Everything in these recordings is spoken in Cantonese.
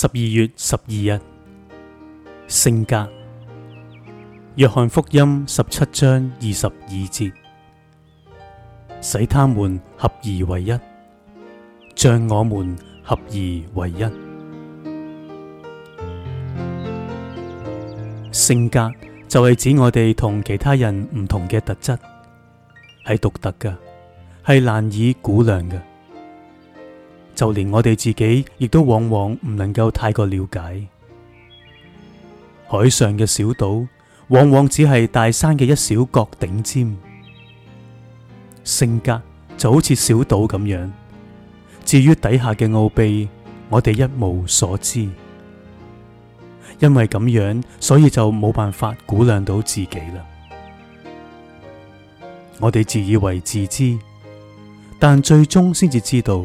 十二月十二日，性格。約翰福音十七章二十二節，使他們合而為一，將我們合而為一。性格就係指我哋同其他人唔同嘅特質，係獨特嘅，係難以估量嘅。就連我哋自己，亦都往往唔能夠太過了解。海上嘅小島，往往只係大山嘅一小角頂尖。性格就好似小島咁樣，至於底下嘅奧秘，我哋一無所知。因為咁樣，所以就冇辦法估量到自己啦。我哋自以為自知，但最終先至知道。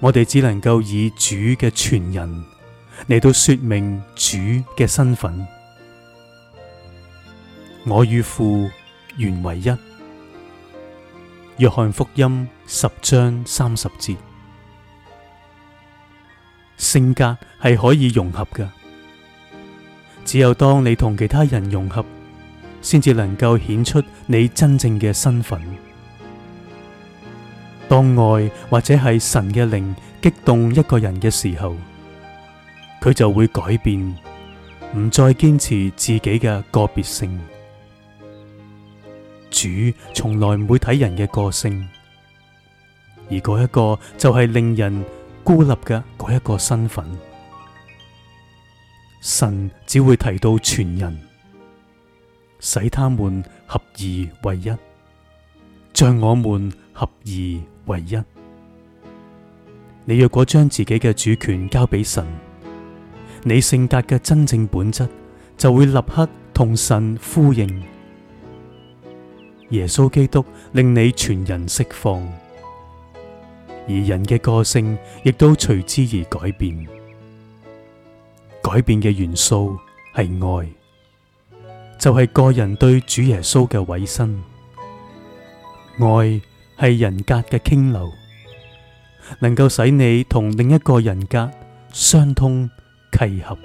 我哋只能夠以主嘅傳人嚟到說明主嘅身份。我與父原為一，約翰福音十章三十節。性格係可以融合嘅，只有當你同其他人融合，先至能夠顯出你真正嘅身份。當愛或者是神的靈激動一個人的時候,他就會改變,不再堅持自己的個別性。主從來不會看人的個性,而嗰一個就是令人孤立的嗰一個身份。神只會提到全人,使他們合而為一,將我們合而為一,唯一，你若果將自己嘅主權交俾神，你性格嘅真正本質就會立刻同神呼應。耶穌基督令你全人釋放，而人嘅個性亦都隨之而改變。改變嘅元素係愛，就係、是、個人對主耶穌嘅委身，愛。係人格嘅傾流，能夠使你同另一個人格相通契合。